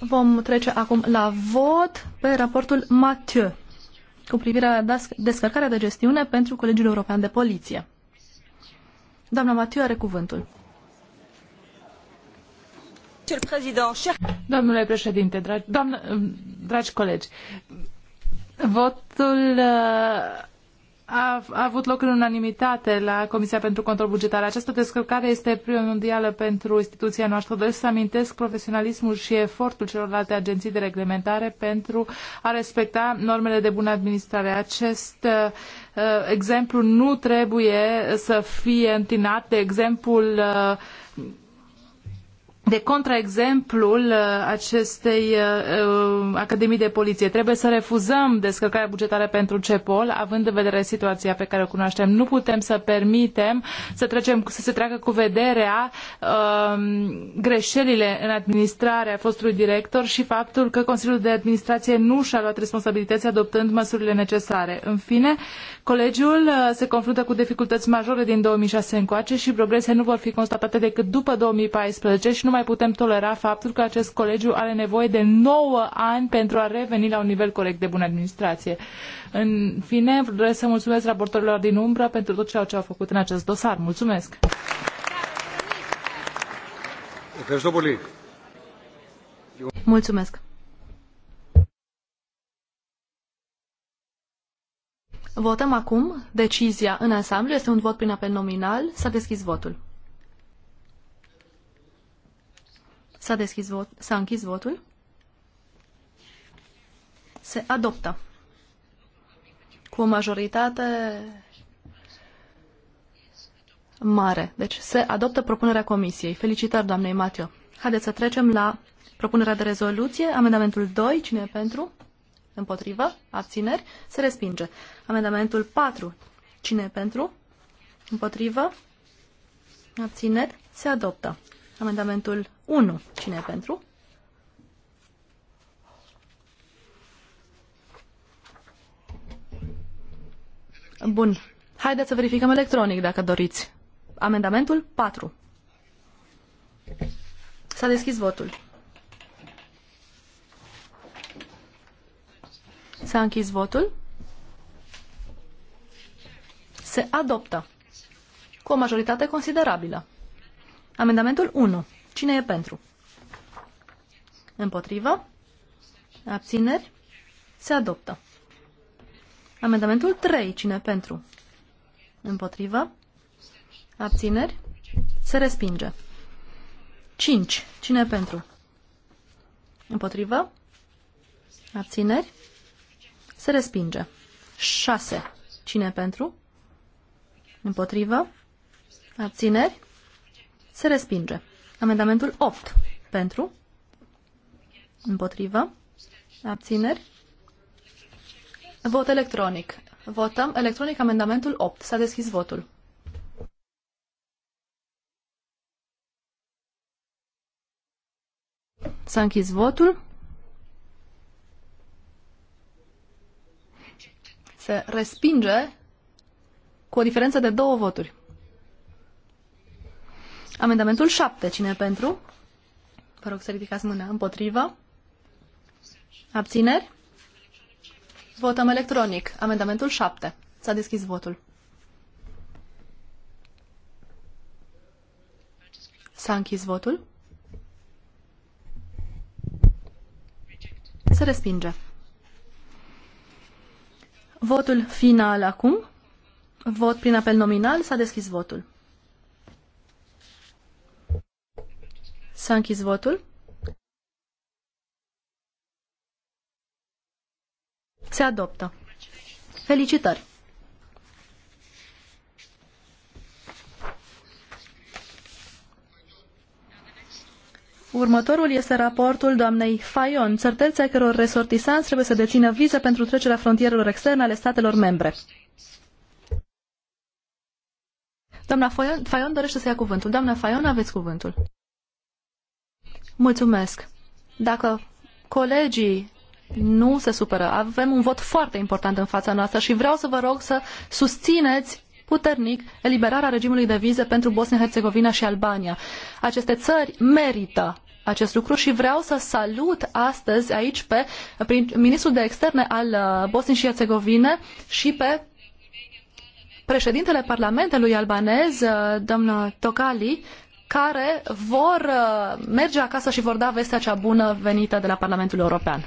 Vom trece acum la vot pe raportul Mathieu cu privire la descărcarea de gestiune pentru Colegiul European de Poliție. Doamna Mathieu are cuvântul. Domnule președinte, dragi, doamnă, dragi colegi, votul uh, a, a avut loc în unanimitate la Comisia pentru Control Bugetar. Această descărcare este primordială pentru instituția noastră. Doresc să amintesc profesionalismul și efortul celorlalte agenții de reglementare pentru a respecta normele de bună administrare. Acest uh, uh exemplu nu trebuie să fie întinat de exemplul uh, de contraexemplul uh, acestei uh, uh, Academii de Poliție. Trebuie să refuzăm descărcarea bugetară pentru CEPOL, având în vedere situația pe care o cunoaștem. Nu putem să permitem să, trecem, să se treacă cu vederea uh, greșelile în administrarea fostului director și faptul că Consiliul de Administrație nu și-a luat responsabilități adoptând măsurile necesare. În fine, colegiul uh, se confruntă cu dificultăți majore din 2006 încoace și progrese nu vor fi constatate decât după 2014 și numai mai putem tolera faptul că acest colegiu are nevoie de 9 ani pentru a reveni la un nivel corect de bună administrație. În fine, vreau să mulțumesc raportorilor din umbră pentru tot ceea ce au făcut în acest dosar. Mulțumesc! Mulțumesc! Votăm acum decizia în ansamblu. Este un vot prin apel nominal. S-a deschis votul. S-a deschis vot, s-a închis votul. Se adoptă cu o majoritate mare. Deci se adoptă propunerea comisiei. Felicitări, doamnei Matio. Haideți să trecem la propunerea de rezoluție. Amendamentul 2, cine e pentru? Împotrivă? Abțineri? Se respinge. Amendamentul 4, cine e pentru? Împotrivă? Abțineri? Se adoptă. Amendamentul 1. Cine e pentru? Bun. Haideți să verificăm electronic, dacă doriți. Amendamentul 4. S-a deschis votul. S-a închis votul. Se adoptă cu o majoritate considerabilă. Amendamentul 1. Cine e pentru? Împotrivă? Abțineri? Se adoptă. Amendamentul 3. Cine e pentru? Împotrivă? Abțineri? Se respinge. 5. Cine e pentru? Împotrivă? Abțineri? Se respinge. 6. Cine e pentru? Împotrivă? Abțineri? Se respinge. Amendamentul 8. Pentru? Împotrivă? Abțineri? Vot electronic. Votăm electronic amendamentul 8. S-a deschis votul. S-a închis votul. Se respinge cu o diferență de două voturi. Amendamentul 7. Cine pentru? Vă rog să ridicați mâna. Împotrivă? Abțineri? Votăm electronic. Amendamentul 7. S-a deschis votul. S-a închis votul. Se respinge. Votul final acum. Vot prin apel nominal. S-a deschis votul. S-a închis votul. Se adoptă. Felicitări! Următorul este raportul doamnei Fayon, țărtelți ai căror resortisanți trebuie să dețină viză pentru trecerea frontierelor externe ale statelor membre. Doamna Fayon, Fayon dorește să ia cuvântul. Doamna Fayon, aveți cuvântul. Mulțumesc. Dacă colegii nu se supără, avem un vot foarte important în fața noastră și vreau să vă rog să susțineți puternic eliberarea regimului de vize pentru Bosnia-Herzegovina și Albania. Aceste țări merită acest lucru și vreau să salut astăzi aici pe ministrul de externe al uh, Bosniei și Herzegovine și pe președintele Parlamentului albanez, uh, domnul Tocali, care vor uh, merge acasă și vor da vestea cea bună venită de la Parlamentul European.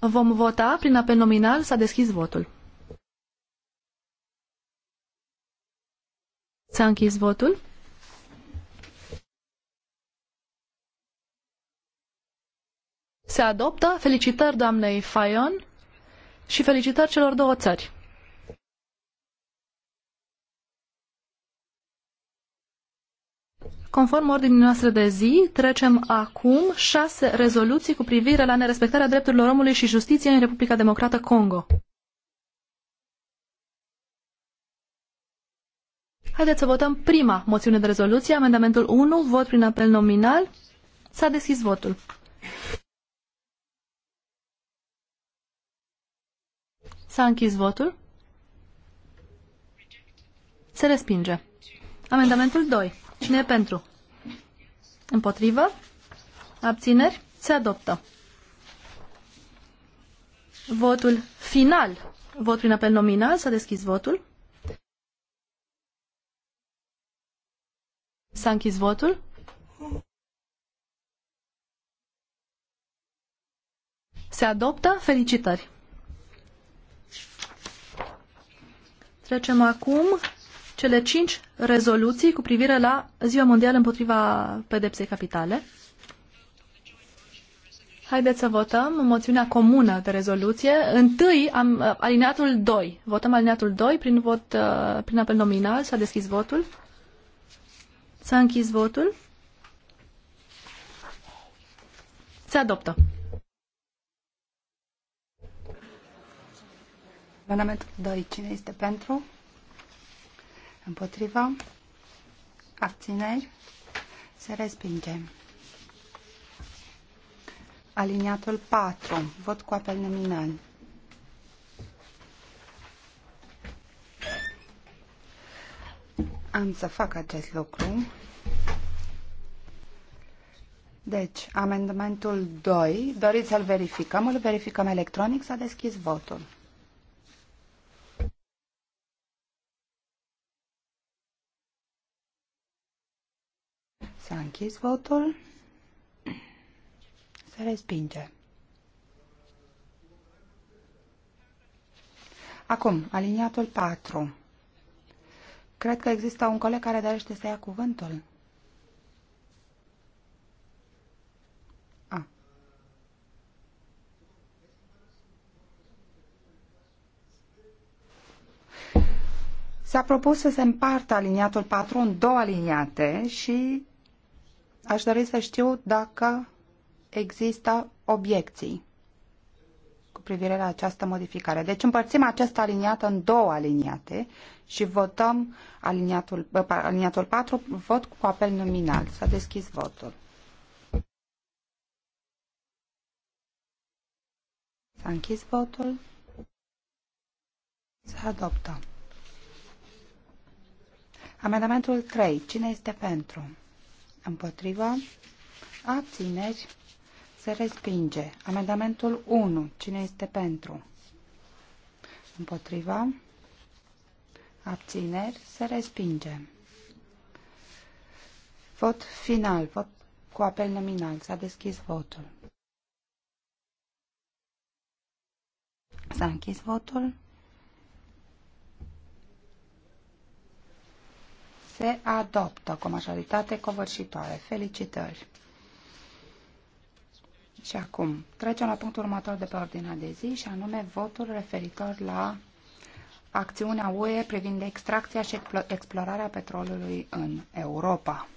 Vom vota prin apel nominal. S-a deschis votul. S-a închis votul. Se adoptă. Felicitări doamnei Fayon și felicitări celor două țări. Conform ordinii noastre de zi, trecem acum șase rezoluții cu privire la nerespectarea drepturilor omului și justiției în Republica Democrată Congo. Haideți să votăm prima moțiune de rezoluție, amendamentul 1, vot prin apel nominal. S-a deschis votul. S-a închis votul. Se respinge. Amendamentul 2. Cine e pentru? Împotrivă? Abțineri? Se adoptă. Votul final. Vot prin apel nominal. S-a deschis votul. S-a închis votul. Se adoptă. Felicitări! Trecem acum cele cinci rezoluții cu privire la Ziua Mondială împotriva pedepsei capitale. Haideți să votăm moțiunea comună de rezoluție. Întâi, am, uh, alineatul 2. Votăm alineatul 2 prin, vot, uh, prin apel nominal. S-a deschis votul. S-a închis votul. Se adoptă. Amendamentul 2. Cine este pentru? Împotrivă? Abțineri? Se respinge. Aliniatul 4. Vot cu apel nominal. Am să fac acest lucru. Deci, amendamentul 2. Doriți să-l verificăm? Îl verificăm electronic? S-a deschis votul. S-a închis votul. Se respinge. Acum, aliniatul 4. Cred că există un coleg care dorește să ia cuvântul. A. S-a propus să se împartă aliniatul 4 în două aliniate și Aș dori să știu dacă există obiecții cu privire la această modificare. Deci împărțim acest aliniat în două aliniate și votăm aliniatul, aliniatul 4, vot cu apel nominal. S-a deschis votul. S-a închis votul. Se adoptă. Amendamentul 3. Cine este pentru? împotriva, abțineri, se respinge. Amendamentul 1. Cine este pentru? Împotriva, abțineri, se respinge. Vot final, vot cu apel nominal. S-a deschis votul. S-a închis votul. se adoptă cu majoritate covârșitoare. Felicitări! Și acum trecem la punctul următor de pe ordinea de zi și anume votul referitor la acțiunea UE privind extracția și explorarea petrolului în Europa.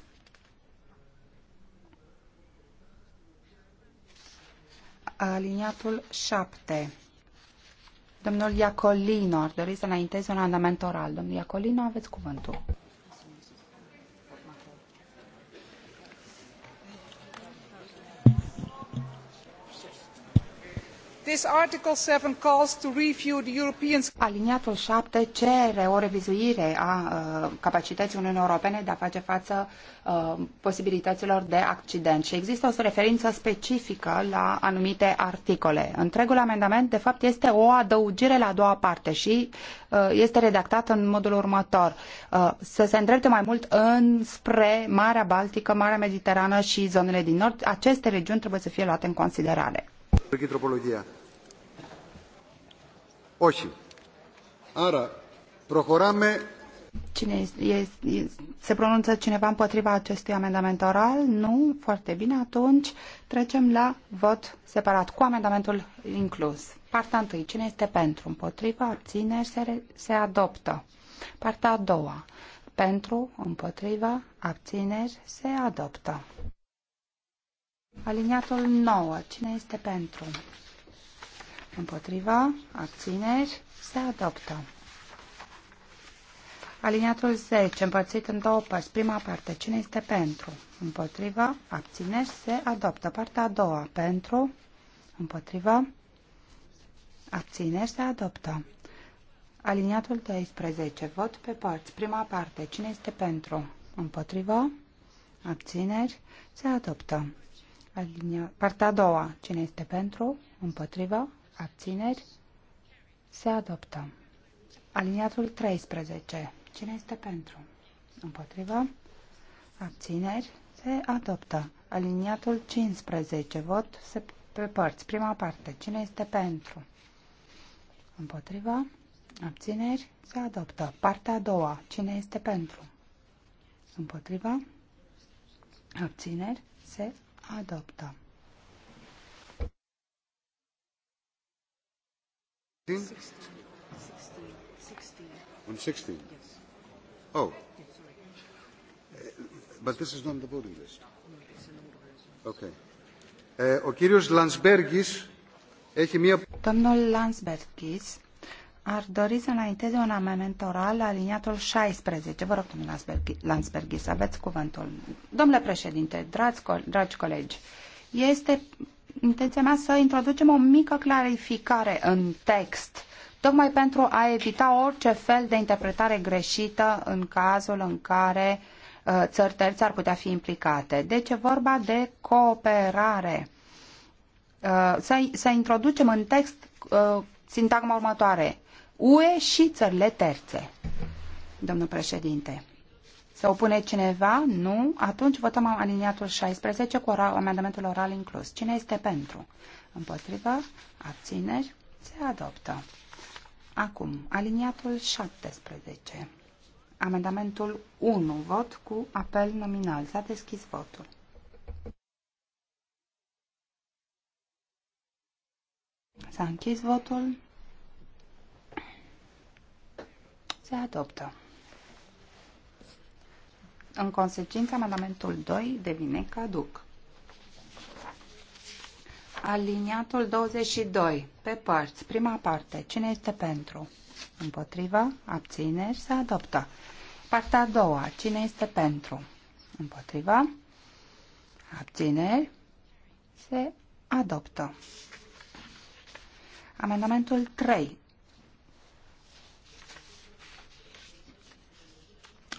Aliniatul 7. Domnul Iacolino, ar dori să înainteze un amendament oral. Domnul Iacolino, aveți cuvântul. This 7 Aliniatul 7 cere o revizuire a uh, capacității Uniunii Europene de a face față uh, posibilităților de accident și există o referință specifică la anumite articole. Întregul amendament, de fapt, este o adăugire la a doua parte și uh, este redactat în modul următor. Uh, să se îndrepte mai mult înspre Marea Baltică, Marea Mediterană și zonele din nord. Aceste regiuni trebuie să fie luate în considerare. Τροπολογία. Όχι. Άρα, προχωράμε... se pronunță cineva împotriva acestui amendament oral? Nu? Foarte bine. Atunci trecem la vot separat cu amendamentul inclus. Partea întâi Cine este pentru? Împotriva? Abțineri? Se, se adoptă. Partea a doua. Pentru? Împotriva? Abțineri? Se adoptă. Aliniatul 9. Cine este pentru? Împotriva, abțineri, se adoptă. Aliniatul 10, împărțit în două părți. Prima parte, cine este pentru? Împotriva, abțineri, se adoptă. Partea a doua, pentru, împotriva, abțineri, se adoptă. Aliniatul 12, vot pe părți. Prima parte, cine este pentru? Împotriva, abțineri, se adoptă. Alinia... Partea a doua, cine este pentru? Împotriva, abțineri, se adoptă. Aliniatul 13. Cine este pentru? Împotriva, abțineri, se adoptă. Aliniatul 15. Vot se pe părți. Prima parte. Cine este pentru? Împotriva, abțineri, se adoptă. Partea a doua. Cine este pentru? Împotriva, abțineri, se adoptă. 16? 16. On 16? Yes. Oh. sorry. But this is not the voting list. No, it's an okay. Ε, eh, ο έχει μία... Domnul Lansbergis ar dori să înainteze un amendament oral la aliniatul 16. Vă rog, domnul Lansbergis, aveți cuvântul. Domnule președinte, dragi, co dragi colegi, este intenția mea să introducem o mică clarificare în text, tocmai pentru a evita orice fel de interpretare greșită în cazul în care uh, țări terți ar putea fi implicate. Deci e vorba de cooperare. Uh, să, să introducem în text uh, sintagma următoare. UE și țările terțe, domnul președinte. Se opune cineva? Nu. Atunci votăm aliniatul 16 cu oral, amendamentul oral inclus. Cine este pentru? Împotrivă? Abțineri? Se adoptă. Acum, aliniatul 17. Amendamentul 1. Vot cu apel nominal. S-a deschis votul. S-a închis votul. Se adoptă. În consecință, amendamentul 2 devine caduc. Aliniatul 22, pe părți, prima parte, cine este pentru? Împotriva, abțineri, se adoptă. Partea a doua, cine este pentru? Împotriva, abțineri, se adoptă. Amendamentul 3,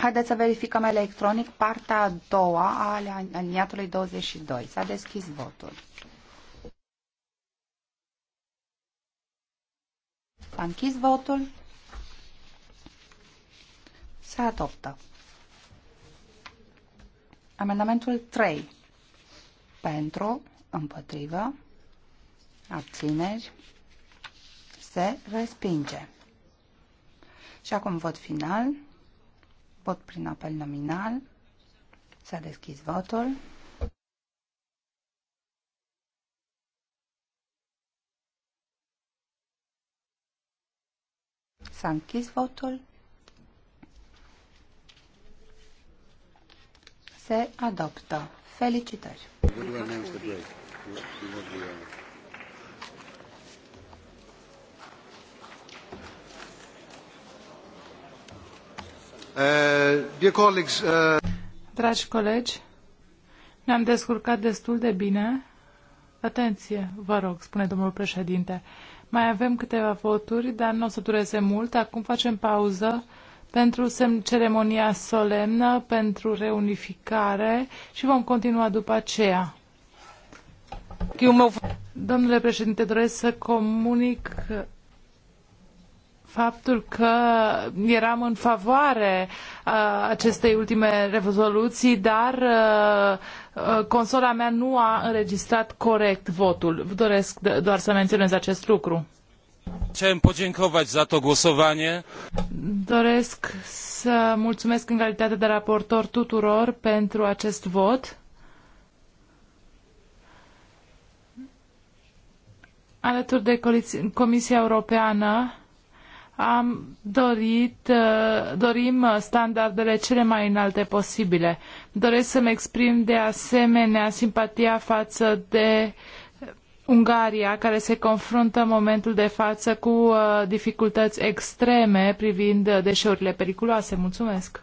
Haideți să verificăm electronic partea a doua a aliniatului 22. S-a deschis votul. S-a închis votul. Se adoptă. Amendamentul 3. Pentru, împotrivă, abțineri, se respinge. Și acum vot final. Vot prin apel nominal. S-a deschis votul. S-a închis votul. Se adoptă. Felicitări! Uh, uh, Dragi colegi, ne-am descurcat destul de bine. Atenție, vă rog, spune domnul președinte. Mai avem câteva voturi, dar nu o să dureze mult. Acum facem pauză pentru ceremonia solemnă, pentru reunificare și vom continua după aceea. Domnule președinte, doresc să comunic faptul că eram în favoare uh, acestei ultime rezoluții, dar consola mea nu a înregistrat corect votul. Doresc doar să menționez acest lucru. Chciałem podziękować za to głosowanie. Doresc să mulțumesc în calitate de raportor tuturor pentru acest vot. Alături de Comisia Europeană, am dorit, uh, dorim standardele cele mai înalte posibile. Doresc să-mi exprim de asemenea simpatia față de Ungaria, care se confruntă în momentul de față cu uh, dificultăți extreme privind deșeurile periculoase. Mulțumesc!